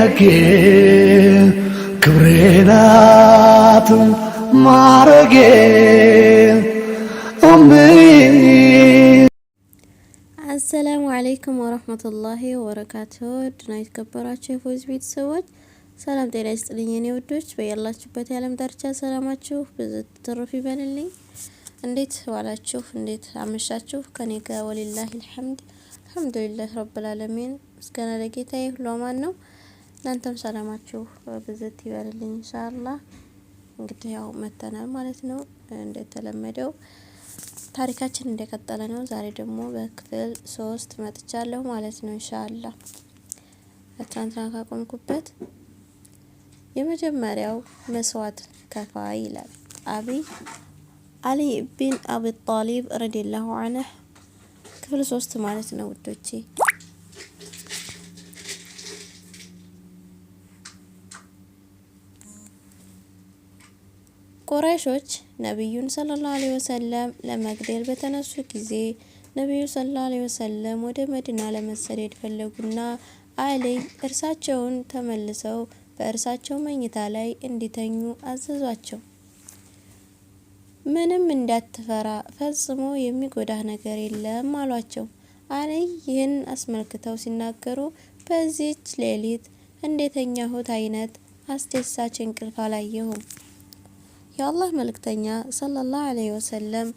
ፈለጌ ክብሬ ናት ማረጌ አሰላሙ አለይኩም ወረህመቱላሂ ወበረካቱ። ድና የተከበራችሁ የፎዝ ቤተሰቦች ሰላም ጤና ይስጥልኝ። የኔ ውዶች በያላችሁበት የዓለም ዳርቻ ሰላማችሁ ብዙ ትርፍ ይበልልኝ። እንዴት ዋላችሁ? እንዴት አመሻችሁ? ከኔ ጋር ወሊላሂ አልሐምድ አልሐምዱሊላህ ረብል ዓለሚን ምስጋና ለጌታዬ ሁሉ አማን ነው። እናንተም ሰላማችሁ ብዝት ይበልልኝ ኢንሻአላህ። እንግዲህ ያው መተናል ማለት ነው። እንደተለመደው ታሪካችን እንደቀጠለ ነው። ዛሬ ደግሞ በክፍል ሶስት መጥቻለሁ ማለት ነው ኢንሻአላህ። ትናንትና ካቆምኩበት የመጀመሪያው መስዋዕት ከፋ ይላል። አብይ አሊ ቢን አቢ ጣሊብ ረዲየላሁ ዐንሁ ክፍል ሶስት ማለት ነው ውዶቼ። ቁረይሾች ነቢዩን ሰለላሁ ዐለይሂ ወሰለም ለመግደል በተነሱ ጊዜ ነቢዩ ሰለላሁ ዐለይሂ ወሰለም ወደ መዲና ለመሰደድ ፈለጉና አሊይ እርሳቸውን ተመልሰው በእርሳቸው መኝታ ላይ እንዲተኙ አዘዟቸው። ምንም እንዳትፈራ ፈጽሞ የሚጎዳህ ነገር የለም አሏቸው። አሊይ ይህን አስመልክተው ሲናገሩ በዚህች ሌሊት እንደተኛሁት አይነት አስደሳች እንቅልፍ አላየሁም የአላህ መልእክተኛ ሰለላሁ ዐለይሂ ወሰለም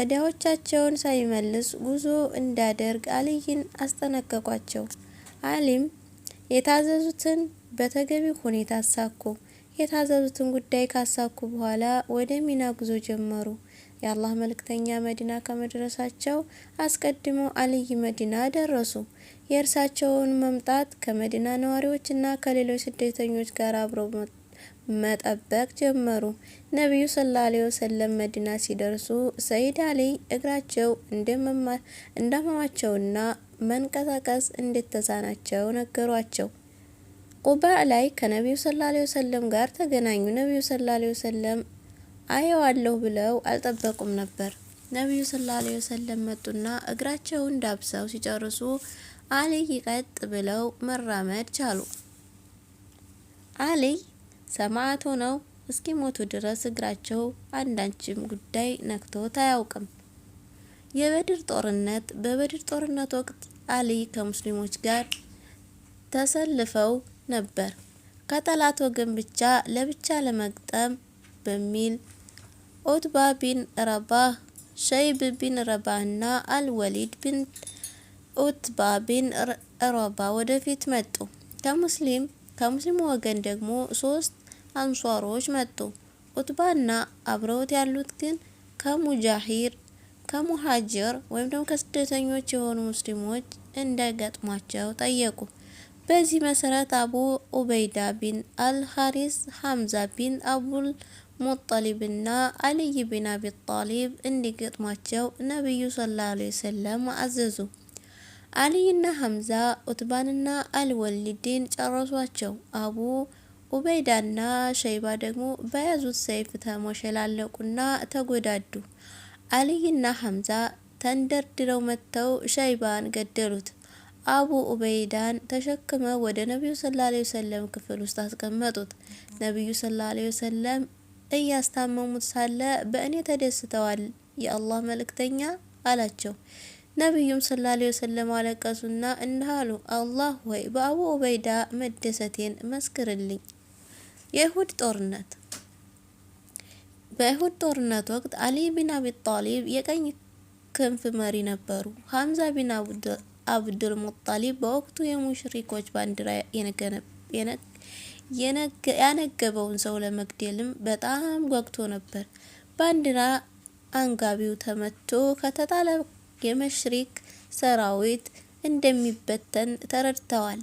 ዕዳዎቻቸውን ሳይመልስ ጉዞ እንዳደርግ አልይን አስጠነቀቋቸው። አሊም የታዘዙትን በተገቢው ሁኔታ አሳኩ። የታዘዙትን ጉዳይ ካሳኩ በኋላ ወደ ሚና ጉዞ ጀመሩ። የአላህ መልእክተኛ መዲና ከመድረሳቸው አስቀድሞ አልይ መዲና ደረሱ። የእርሳቸውን መምጣት ከመዲና ነዋሪዎችና ከሌሎች ስደተኞች ጋር አብረው መጠበቅ ጀመሩ። ነቢዩ ሰለላሁ ዐለይሂ ወሰለም መዲና ሲደርሱ ሰይድ አሊ እግራቸው እንደመማቸውና መንቀሳቀስ እንደተሳናቸው ነገሯቸው። ቁባ ላይ ከነቢዩ ሰለላሁ ዐለይሂ ወሰለም ጋር ተገናኙ። ነቢዩ ሰለላሁ ዐለይሂ ወሰለም አየዋለሁ ብለው አልጠበቁም ነበር። ነቢዩ ሰለላሁ ዐለይሂ ወሰለም መጡና እግራቸውን ዳብሰው ሲጨርሱ አሊ ቀጥ ብለው መራመድ ቻሉ። አሊ ሰማዕት ሆነው እስኪሞቱ ድረስ እግራቸው አንዳችም ጉዳይ ነክቶት አያውቅም። የበድር ጦርነት በበድር ጦርነት ወቅት አሊ ከሙስሊሞች ጋር ተሰልፈው ነበር። ከጠላት ወገን ብቻ ለብቻ ለመግጠም በሚል ኦትባ ቢን ረባህ፣ ሸይብ ቢን ረባህ እና አልወሊድ ቢን ኦትባ ቢን ረባ ወደፊት መጡ። ከሙስሊም ከሙስሊሙ ወገን ደግሞ ሶስት አንሷሮች መጡ። ቁጥባና አብረውት ያሉት ግን ከሙጃሂር ከሙሃጅር ወይም ደግሞ ከስደተኞች የሆኑ ሙስሊሞች እንደገጥማቸው ጠየቁ። በዚህ መሰረት አቡ ኡበይዳ ቢን አልሐሪስ፣ ሐምዛ ቢን አቡል እና አልይ ቢን አቢ ጣሊብ እንዲገጥሟቸው ነቢዩ ሰለላሁ ዐለይሂ ወሰለም አዘዙ። አሊይና ሐምዛ ኡትባንና አልወሊድን ጨረሷቸው። አቡ ኡበይዳና ሸይባ ደግሞ በያዙት ሰይፍ ተሞሸላለቁና ተጎዳዱ። አሊይና ሐምዛ ተንደርድረው መጥተው ሸይባን ገደሉት። አቡ ኡበይዳን ተሸክመው ወደ ነቢዩ ሰለላሁ ዐለይሂ ወሰለም ክፍል ውስጥ አስቀመጡት። ነቢዩ ሰለላሁ ዐለይሂ ወሰለም እያስታመሙት ሳለ በእኔ ተደስተዋል የአላህ መልእክተኛ አላቸው። ነቢዩም ሰለላሁ ወሰለም አለቀሱና እንዲህ አሉ፣ አላህ ሆይ በአቡ ዑበይዳ መደሰቴን መስክርልኝ። የእሁድ ጦርነት በእሁድ ጦርነት ወቅት አሊ ቢን አቢ ጣሊብ የቀኝ ክንፍ መሪ ነበሩ። ሐምዛ ቢን አብዱል ሙጣሊብ በወቅቱ የሙሽሪኮች ባንዲራ ያነገበውን ሰው ለመግደልም በጣም ጓጉቶ ነበር። ባንዲራ አንጋቢው ተመቶ ከተጣለ የመሽሪክ ሰራዊት እንደሚበተን ተረድተዋል።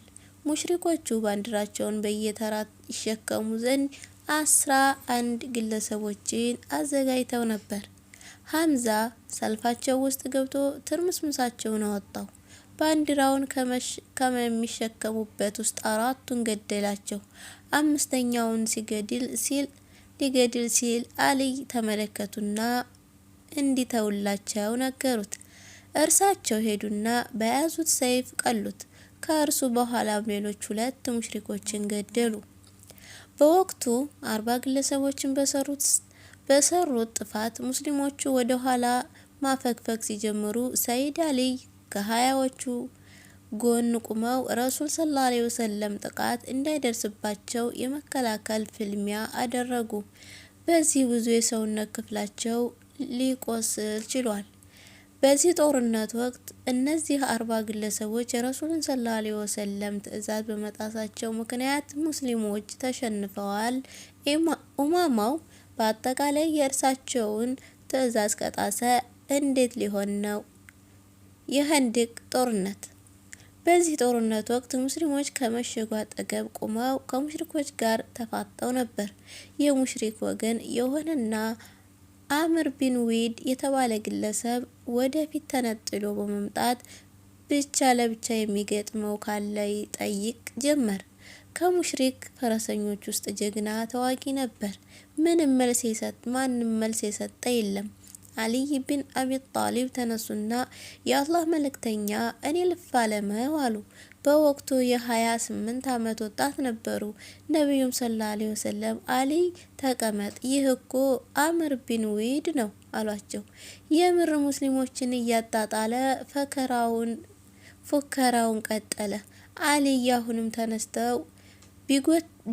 ሙሽሪኮቹ ባንዲራቸውን በየተራ ይሸከሙ ዘንድ አስራ አንድ ግለሰቦችን አዘጋጅተው ነበር። ሀምዛ ሰልፋቸው ውስጥ ገብቶ ትርምስምሳቸውን አወጣው። ባንዲራውን ከሚሸከሙበት ውስጥ አራቱን ገደላቸው። አምስተኛውን ሲገድል ሲል ሊገድል ሲል አልይ ተመለከቱና እንዲተውላቸው ነገሩት። እርሳቸው ሄዱና በያዙት ሰይፍ ቀሉት። ከእርሱ በኋላም ሌሎች ሁለት ሙሽሪኮችን ገደሉ። በወቅቱ አርባ ግለሰቦችን በሰሩት በሰሩት ጥፋት ሙስሊሞቹ ወደ ኋላ ማፈግፈግ ሲጀምሩ ሰይድ አሊይ ከሀያዎቹ ጎን ቁመው ረሱል ሰለላሁ ዐለይሂ ወሰለም ጥቃት እንዳይደርስባቸው የመከላከል ፍልሚያ አደረጉ። በዚህ ብዙ የሰውነት ክፍላቸው ሊቆስል ችሏል። በዚህ ጦርነት ወቅት እነዚህ አርባ ግለሰቦች የረሱልን ሰለላሁ ዐለይሂ ወሰለም ትእዛዝ በመጣሳቸው ምክንያት ሙስሊሞች ተሸንፈዋል። ኡማማው በአጠቃላይ የእርሳቸውን ትእዛዝ ከጣሰ እንዴት ሊሆን ነው? የህንድቅ ጦርነት በዚህ ጦርነት ወቅት ሙስሊሞች ከመሸጉ አጠገብ ቆመው ከሙሽሪኮች ጋር ተፋጠው ነበር። የሙሽሪክ ወገን የሆነና አምር ቢን ዊድ የተባለ ግለሰብ ወደፊት ተነጥሎ በመምጣት ብቻ ለብቻ የሚገጥመው ካለ ይጠይቅ ጀመር። ከሙሽሪክ ፈረሰኞች ውስጥ ጀግና ተዋጊ ነበር። ምንም መልስ የሰጥ ማንም መልስ የሰጠ የለም። አሊይ ብን አቢ ጣሊብ ተነሱና የአላህ መልእክተኛ እኔ ልፋለመው አሉ። በወቅቱ የ28 ዓመት ወጣት ነበሩ። ነቢዩም ሰለላሁ ዐለይሂ ወሰለም አሊይ ተቀመጥ፣ ይህ እኮ አምር ቢን ዊድ ነው አሏቸው። የምር ሙስሊሞችን እያጣጣለ ፈከራውን ፉከራውን ቀጠለ። አሊይ አሁንም ተነስተው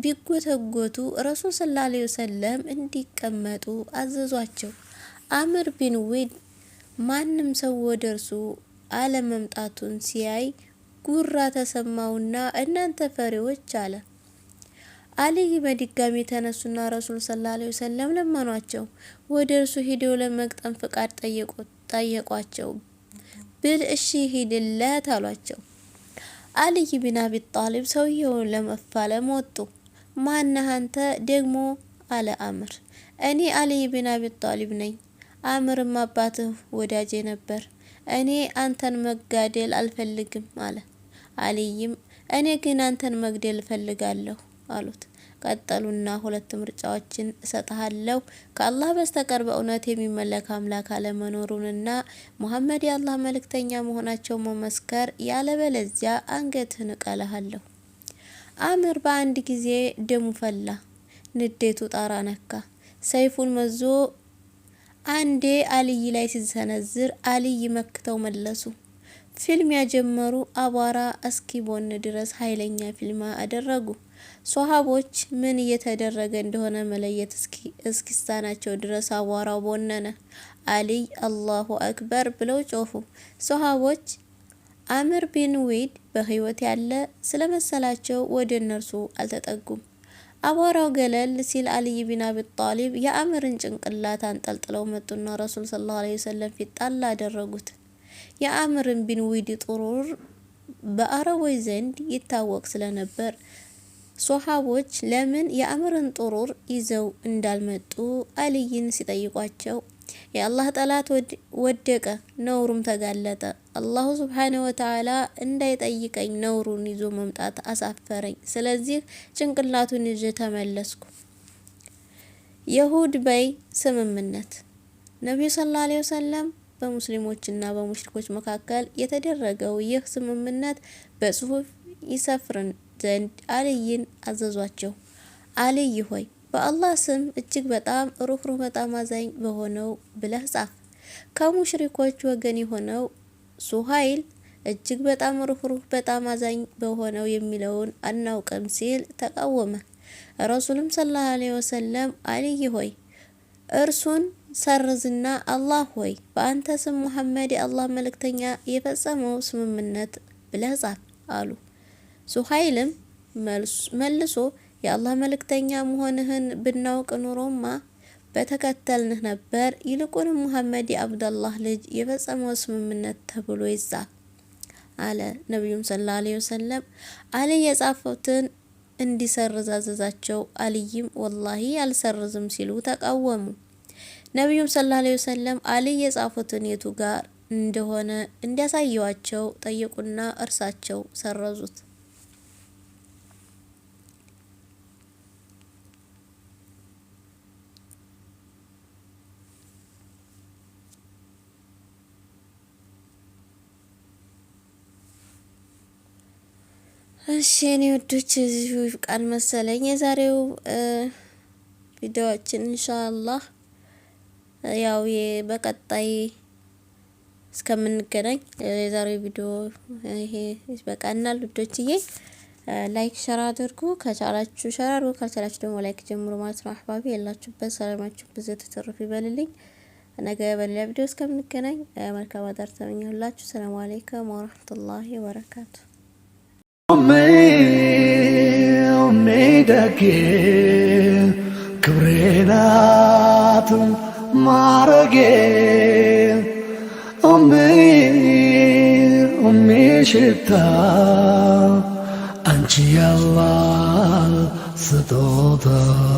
ቢጎተጎቱ ረሱል ሰለላሁ ዐለይሂ ወሰለም እንዲቀመጡ አዘዟቸው። አምር ቢን ዊድ ማንም ሰው ወደ እርሱ አለመምጣቱን ሲያይ ጉራ ተሰማውና እናንተ ፈሪዎች አለ። አልይ በድጋሚ የተነሱና ረሱል ሰለላሁ ዐለይሂ ወሰለም ለመኗቸው። ወደ እርሱ ሂደው ለመግጠም ፍቃድ ጠየቋቸው። ብል እሺ ሂድለት አሏቸው። አልይ ቢን አቢ ጣሊብ ሰውየውን ለመፋለም ወጡ። ማነህ አንተ ደግሞ አለ አምር። እኔ አልይ ቢን አቢ ጣሊብ ነኝ አምርም አባትህ ወዳጄ ነበር፣ እኔ አንተን መጋደል አልፈልግም አለ። አልይም እኔ ግን አንተን መግደል እፈልጋለሁ አሉት። ቀጠሉና ሁለት ምርጫዎችን እሰጥሃለሁ ከአላህ በስተቀር በእውነት የሚመለክ አምላክ አለመኖሩንና ሙሐመድ የአላህ መልእክተኛ መሆናቸው መመስከር፣ ያለበለዚያ አንገትህን እቀልሃለሁ። አምር በአንድ ጊዜ ደሙ ፈላ፣ ንዴቱ ጣራ ነካ። ሰይፉን መዞ አንዴ አልይ ላይ ሲሰነዝር አልይ መክተው መለሱ። ፊልም ያጀመሩ አቧራ እስኪ ቦን ድረስ ኃይለኛ ፊልማ አደረጉ። ሶሃቦች ምን እየተደረገ እንደሆነ መለየት እስኪ እስኪሳናቸው ድረስ አቧራው ቦነነ። አልይ አላሁ አክበር ብለው ጮፉ። ሶሃቦች አምር ቢን ዊድ በህይወት ያለ ስለመሰላቸው ወደ እነርሱ አልተጠጉም። አቧራው ገለል ሲል አልይ ቢን አቢ ጣሊብ የአምርን ጭንቅላት አንጠልጥለው መጡና ረሱል ሰለላሁ ዐለይሂ ወሰለም ፊት ጣል አደረጉት። የአምርን ቢን ዊድ ጥሩር በአረቦች ዘንድ ይታወቅ ስለነበር ሶሃቦች ለምን የአምርን ጥሩር ይዘው እንዳልመጡ አልይን ሲጠይቋቸው የአላህ ጠላት ወደቀ፣ ነውሩም ተጋለጠ። አላሁ ሱብሓነሁ ወተዓላ እንዳይጠይቀኝ ነውሩን ይዞ መምጣት አሳፈረኝ። ስለዚህ ጭንቅላቱን ይዤ ተመለስኩ። የሁድ በይ ስምምነት ነቢዩ ሰለላሁ ዐለይሂ ወሰለም በሙስሊሞችና በሙሽሪኮች መካከል የተደረገው ይህ ስምምነት በጽሁፍ ይሰፍርን ዘንድ አልይን አዘዟቸው። አልይ ሆይ በአላህ ስም እጅግ በጣም ሩህሩህ በጣም አዛኝ በሆነው ብለህ ጻፍ። ከሙሽሪኮች ወገን የሆነው ሱሀይል እጅግ በጣም ሩህሩህ በጣም አዛኝ በሆነው የሚለውን አናውቅም ሲል ተቃወመ። ረሱልም ሰለላሁ ዐለይሂ ወሰለም አልይ ሆይ እርሱን ሰርዝና አላህ ሆይ በአንተ ስም ሙሐመድ የአላህ መልእክተኛ የፈጸመው ስምምነት ብለህ ጻፍ አሉ። ሱሀይልም መልሶ የአላህ መልእክተኛ መሆንህን ብናውቅ ኑሮማ በተከተልንህ ነበር። ይልቁንም ሙሐመድ የአብደላህ ልጅ የፈጸመው ስምምነት ተብሎ ይጻፍ አለ። ነቢዩም ሰለላሁ ዐለይሂ ወሰለም አሊ የጻፉትን እንዲሰርዝ አዘዛቸው። አልይም ወላሂ አልሰርዝም ሲሉ ተቃወሙ። ነቢዩም ሰለላሁ ዐለይሂ ወሰለም አሊ የጻፉትን የቱ ጋር እንደሆነ እንዲያሳየዋቸው ጠየቁና እርሳቸው ሰረዙት። እሺ እኔ ወዶች እዚሁ ይብቃን መሰለኝ የዛሬው ቪዲዮዎችን ኢንሻአላህ ያው በቀጣይ እስከምንገናኝ የዛሬው ቪዲዮ ይሄ ይበቃናል። ውዶችዬ ላይክ ሸር አድርጉ፣ ከቻላችሁ ሸር አድርጉ፣ ካልቻላችሁ ደግሞ ላይክ ጀምሩ ማለት ነው። አህባቢ ያላችሁበት ሰላማችሁ ብዙ ተተርፍ ይበልልኝ። ነገ በሌላ ቪዲዮ እስከምንገናኝ መልካም አዳር ተመኘሁላችሁ። ሰላም አለይኩም ወራህመቱላሂ ወበረካቱ። ሜሜደጌ ክብሬናት ማረጌ ሜ ሽታ አንቺ ያላ ስጦታ